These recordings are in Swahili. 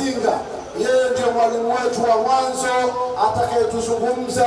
Mazinga, yeye ndiye mwalimu wetu wa mwanzo atakayetuzungumza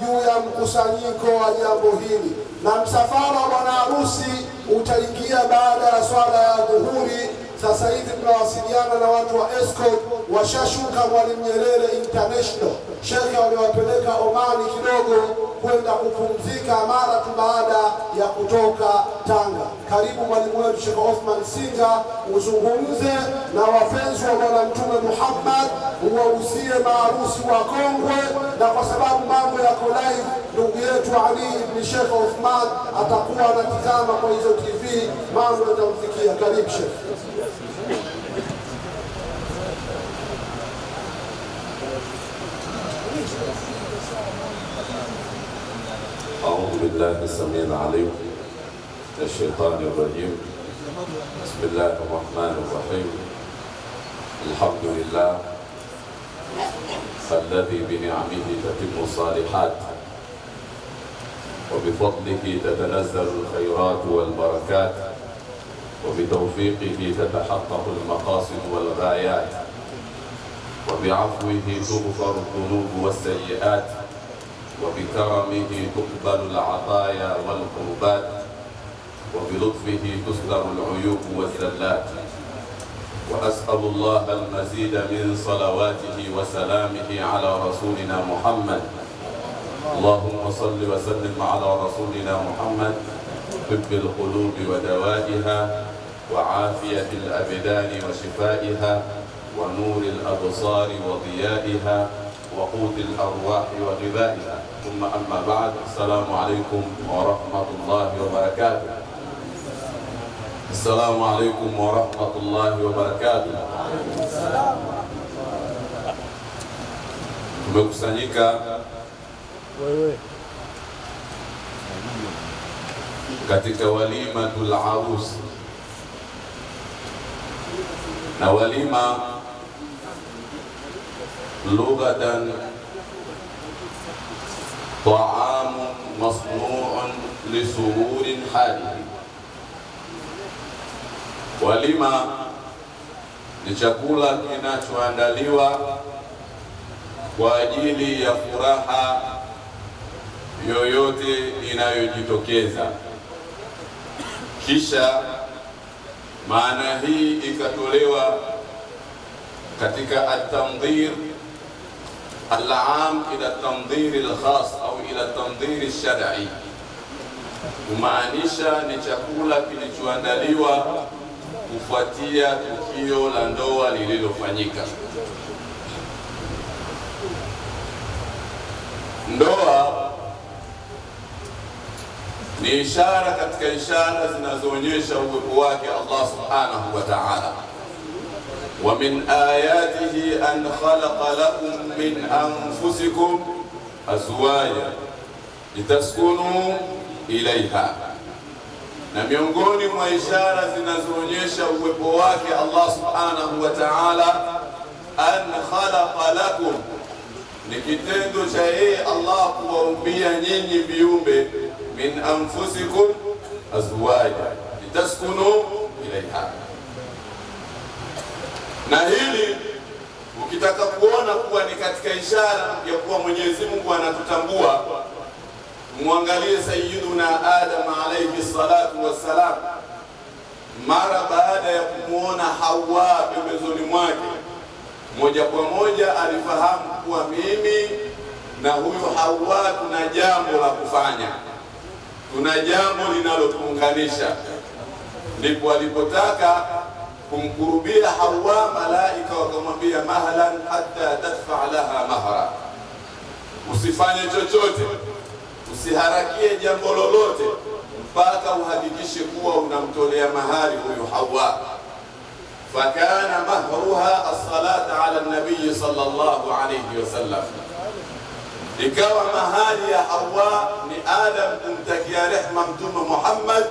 juu ya mkusanyiko wa jambo hili, na msafara wa bwana harusi utaingia baada ya swala ya dhuhuri. Sasa hivi tunawasiliana na watu wa escort, washashuka Mwalimu Nyerere International. Shekhe waliwapeleka Omani kidogo kwenda kupumzika mara tu baada ya kutoka Tanga karibu mwalimu wetu Sheikh Othman Singa uzungumze na wapenzi wa Bwana Mtume Muhammad, uwahusie maarusi wa kongwe na kwa sababu mambo yako live, ndugu yetu Ali ibn Sheikh Othman atakuwa anatizama kwa hizo TV, mambo yatamfikia. Karibu Sheikh. A'udhu billahi samii alim الشيطان الرجيم بسم الله الرحمن الرحيم الحمد لله الذي بنعمه تتم الصالحات وبفضله تتنزل الخيرات والبركات وبتوفيقه تتحقق المقاصد والغايات وبعفوه تغفر الذنوب والسيئات وبكرمه تقبل العطايا والقربات وبلطفه تستر العيوب والزلات وأسأل الله المزيد من صلواته وسلامه على رسولنا محمد اللهم صل وسلم على رسولنا محمد طب القلوب ودوائها وعافية الأبدان وشفائها ونور الأبصار وضيائها وقوت الأرواح وغذائها ثم أما بعد السلام عليكم ورحمة الله وبركاته السلام عليكم ورحمة الله وبركاته tumekusanyika katika walimatul arus na walima lughatan taamu masnuun lisururin hadith Walima ni chakula kinachoandaliwa kwa ajili ya furaha yoyote inayojitokeza. Kisha maana hii ikatolewa katika at-tandhir al-aam ila at-tandhir al-khas au ila at-tandhir al-shar'i, kumaanisha ni chakula kilichoandaliwa kufuatia tukio la ndoa lililofanyika. Ndoa ni ishara katika ishara zinazoonyesha uwepo wake Allah subhanahu wa ta'ala. Wa min ayatihi an khalaqa lakum min anfusikum azwaja litaskunu ilaiha na miongoni mwa ishara zinazoonyesha uwepo wake Allah subhanahu wa ta'ala, an khalaqa lakum, ni kitendo cha yeye Allah kuwaumbia nyinyi viumbe, min anfusikum azwaja litaskunu ilaiha. Na hili ukitaka kuona kuwa ni katika ishara ya kuwa Mwenyezi Mungu anatutambua Mwangalie Sayyiduna Adam alayhi salatu wassalam, mara baada ya kumwona Hawa pembezoni mwake, moja kwa moja alifahamu kuwa mimi na huyu Hawa tuna jambo la kufanya, tuna jambo linalotuunganisha. Ndipo alipotaka kumkurubia Hawa, malaika wakamwambia, mahalan hatta tadfa laha mahra, usifanye chochote Usiharakie jambo lolote mpaka uhakikishe kuwa unamtolea mahari huyu Hawa. Fakana mahruha as-salata ala nabii sallallahu alayhi wasallam, ikawa mahari ya Hawa ni Adam kumtakia rehma Mtume Muhammad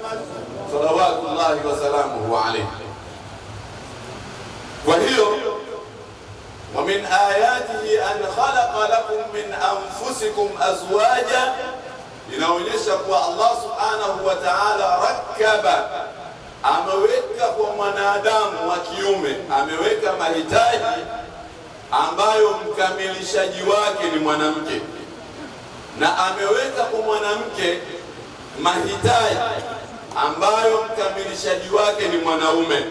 salawatullahi wasalamuhu alayhi. Kwa hiyo wa min ayatihi an khalaqa lakum min anfusikum azwaja inaonyesha kuwa Allah subhanahu wa ta'ala rakaba, ameweka kwa mwanadamu wa kiume, ameweka mahitaji ambayo mkamilishaji wake ni mwanamke, na ameweka kwa mwanamke mahitaji ambayo mkamilishaji wake ni mwanaume.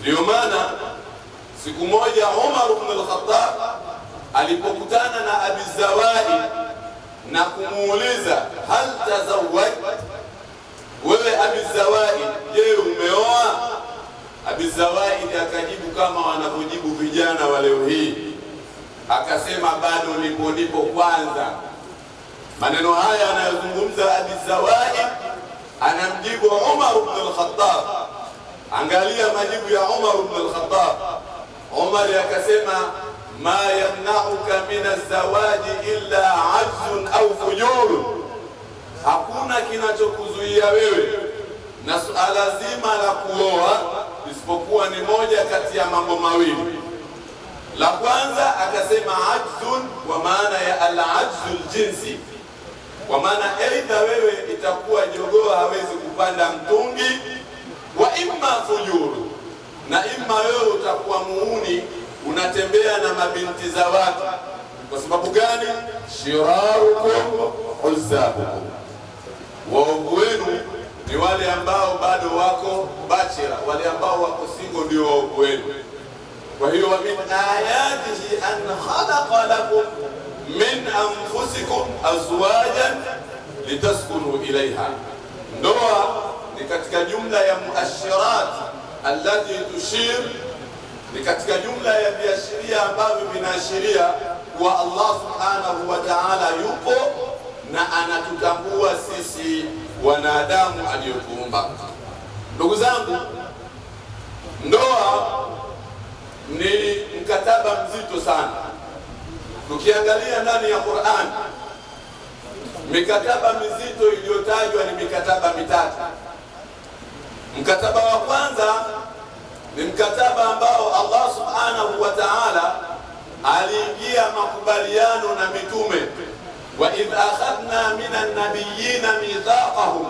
Ndiyo maana siku moja Umar ibn al-Khattab alipokutana na Abi na kumuuliza hal tazawaj, wewe Abizawaid, je, umeoa? Abizawai akajibu kama wanavyojibu vijana wa leo hii, akasema bado nipo nipo kwanza. Maneno haya anayozungumza Abizawaid anamjibu Umar ibn al-Khattab. Angalia majibu ya Umar ibn al-Khattab. Umar akasema ma yamnauka min alzawaji illa ajzun au fujur, hakuna kinachokuzuia wewe na suala zima la kuoa isipokuwa ni moja kati ya mambo mawili. La kwanza akasema ajzun, kwa maana ya alajzu ljinsi, kwa maana aidha wewe itakuwa jogoo hawezi kupanda mtungi, wa imma fujuru, na imma wewe utakuwa muuni unatembea na mabinti za watu. Kwa sababu gani? shirarukum uzzabukum, waovu wenu ni wale ambao bado wako bachira wale ambao wako singo, ndio waovu wenu. Kwa hiyo wa min ayatihi an khalaqa lakum min anfusikum azwajan litaskunu ilaiha. Ndoa ni katika jumla ya muashirat allati tushir ni katika jumla ya viashiria ambavyo vinaashiria kuwa Allah subhanahu wa ta'ala yupo na anatutambua sisi wanadamu aliyotuumba. Ndugu zangu, ndoa ni mkataba mzito sana. Tukiangalia ndani ya Qur'an, mikataba mizito iliyotajwa ni mikataba mitatu. Mkataba wa kwanza ni mkataba ambao Allah subhanahu wa ta'ala aliingia makubaliano na mitume wa idh akhadna minan nabiyina mithaqahum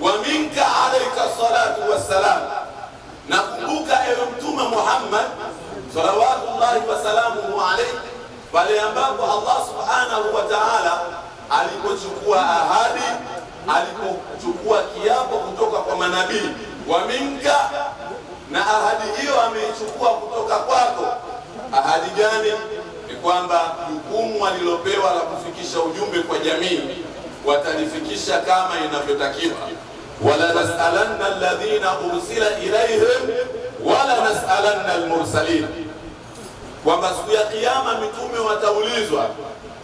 wa minka alayka salatu wassalam. Nakumbuka ewe Mtume Muhammad salawatullahi wasalamuhu alayhi, pale ambapo Allah subhanahu wa ta'ala alipochukua ahadi, alipochukua kiapo kutoka kwa manabii wa minka na ahadi hiyo ameichukua kutoka kwako. Ahadi gani? Ni kwamba jukumu walilopewa la kufikisha ujumbe kwa jamii watalifikisha kama inavyotakiwa, wala nasalanna alladhina ursila ilaihim wala nasalanna almursalin, kwamba siku ya Kiyama mitume wataulizwa,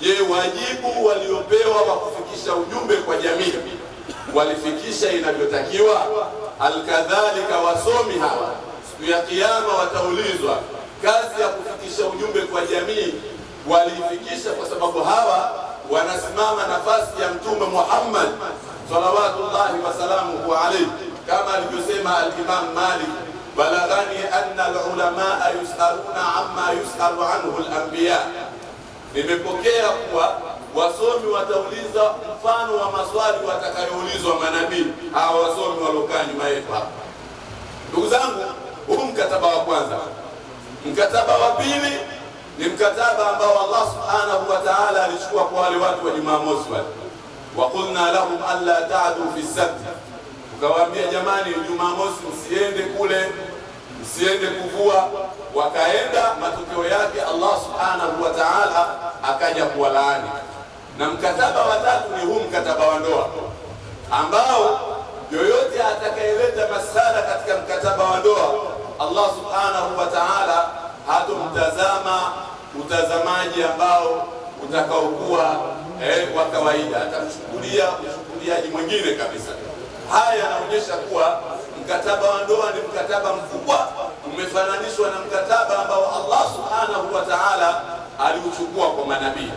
je, wajibu waliopewa wa kufikisha ujumbe kwa jamii walifikisha inavyotakiwa? Alkadhalika, wasomi hawa siku ya Kiyama wataulizwa kazi ya kufikisha ujumbe kwa jamii waliifikisha, kwa sababu hawa wanasimama nafasi ya Mtume Muhammad salawatullahi wasalamuhu alaihi, kama alivyosema Alimamu Malik, balaghani anna alulamaa yusaluna amma yusalu anhu lambiya nimepokea kuwa Wasomi watauliza mfano wa maswali watakayoulizwa manabii hawa wasomi waliokaa nyuma yetu hapa. Ndugu zangu, huu mkataba wa kwanza. Mkataba wa pili ni mkataba ambao Allah subhanahu wa ta'ala alichukua kwa wale watu wa Jumamosi wale, wakulna lahum alla taadu fi sabti, ukawaambia jamani, Jumamosi msiende kule, msiende kuvua. Wakaenda, matokeo yake Allah subhanahu wa ta'ala akaja kuwalaani na mkataba wa tatu ni huu mkataba wa ndoa ambao yoyote atakayeleta masala katika mkataba wa ndoa Allah subhanahu wa ta'ala hatomtazama utazamaji ambao utakaokuwa eh, wa kawaida, atamshughulia ushughuliaji mwingine kabisa. Haya yanaonyesha kuwa mkataba wa ndoa ni mkataba mkubwa, umefananishwa na mkataba ambao Allah subhanahu wa ta'ala aliuchukua kwa manabii.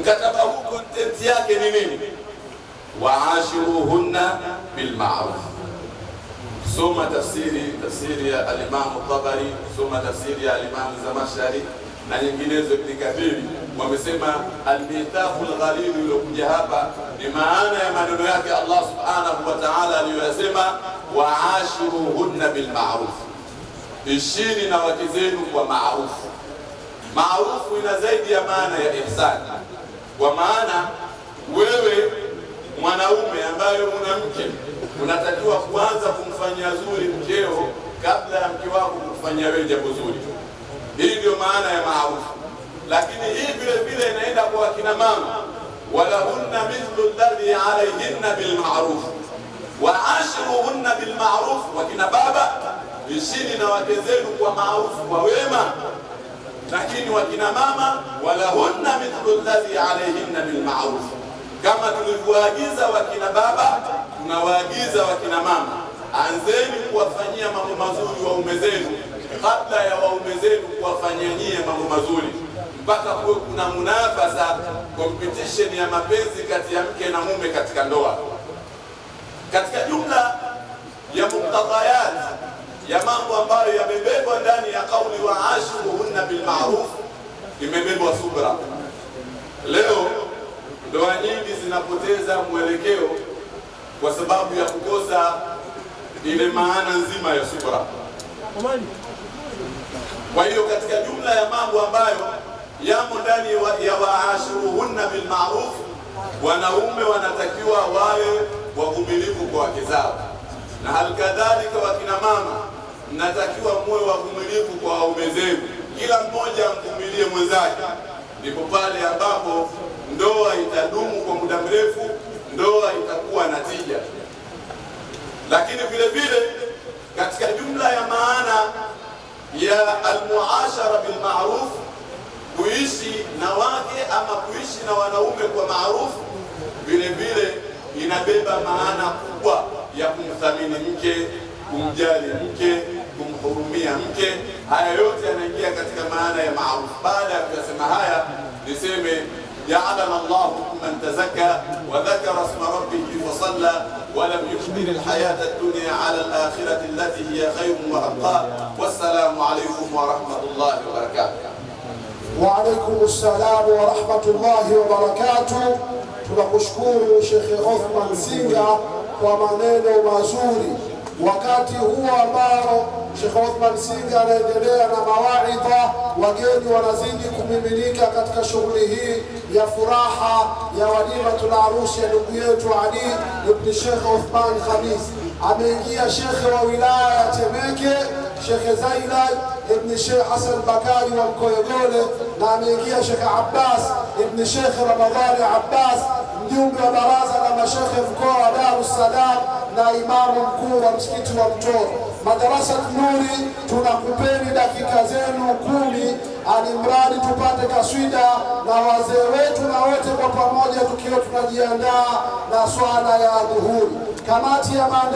Mkataba huu content yake ni nini? Waashiruhunna bilmaruf. Soma tafsiri tafsiri ya alimamu Tabari, soma tafsiri ya alimamu Zamashari na nyinginezo. Ibn Kathir wamesema almithaqu lghalidhu uliokuja hapa ni maana ya maneno yake Allah subhanahu wa ta'ala aliyoyasema, waashiruhunna bilmaruf, ishini na wake zenu kwa maarufu. Maarufu ina zaidi ya maana ya ihsani kwa maana wewe mwanaume ambaye una mke unatakiwa kwanza kumfanyia zuri mkeo kabla ya mke wako kukufanyia wewe jambo zuri. Hii ndio maana ya maarufu, lakini hii vile vile inaenda kwa wakina mama, walahunna mithlu alladhi alaihinna bilma'ruf wa ashruhunna bilma'ruf. Wakina baba, ishini na wake zenu kwa maarufu, kwa wema lakini wakina mama walahunna mithlu alladhi alayhinna bilma'ruf, kama tulivyoagiza wakina baba tunawaagiza wakina mama, anzeni kuwafanyia mambo mazuri waume zenu kabla ya waume zenu kuwafanyia nyie mambo mazuri, mpaka kuwe kuna munafasa competition ya mapenzi kati ya mke na mume katika ndoa. Katika jumla ya muktadayat ya mambo ambayo yamebebwa ndani ya kauli wa ashuruhunna bilmaruf, imebebwa subra. Leo ndoa nyingi zinapoteza mwelekeo kwa sababu ya kukosa ile maana nzima ya subra. Kwa hiyo katika jumla ya mambo ambayo yamo ndani ya waashuruhunna bilmaruf, wanaume wanatakiwa wawe wavumilivu kwa wake zao, na halikadhalika wakina mama mnatakiwa muwe wavumilivu kwa waume zenu, kila mmoja amvumilie mwenzake, ndipo pale ambapo ndoa itadumu kwa muda mrefu, ndoa itakuwa na tija. Lakini vile vile katika jumla ya maana ya almuashara bilmaruf, kuishi na wake ama kuishi na wanaume kwa maarufu, vile vile inabeba maana kubwa ya kumthamini mke, kumjali mke kutumia mke. Haya yote yanaingia katika maana ya maaruf. Baada ya kuyasema haya, niseme jaalana llahu mimman tazakka wa dhakara sma rabbihi fasalla walam yushbir lhayata dunya ala lakhirati allati hiya khairun wa abqa. Wassalamu alaikum warahmatullahi wabarakatuh. Waalaikum salamu warahmatullahi wabarakatuh. Tunakushukuru Shekhe Othman Singa kwa maneno mazuri wakati huu ambao Sheikh Othman Singa anaendelea na mawaidha, wageni wanazidi kumiminika katika shughuli hii ya furaha ya walimatul arusi ya ndugu yetu Ali ibn Sheikh Othman Khamis. Ameingia shekhe wa wilaya ya Temeke Shekhe Zainal ibn Sheikh Hasan Bakari wa Mkoyogole, na ameingia Shekhe Abbas ibn Sheikh Ramadhani Abbas, mjumbe wa baraza la mashekhe mkoa wa Dar es Salaam na imamu mkuu wa msikiti wa Mtoro. Madarasa Nuri, tunakupeni dakika zenu kumi, alimradi tupate kaswida na wazee wetu na wote kwa pamoja, tukiwa tunajiandaa na swala ya dhuhuri. Kamati ya maandalizi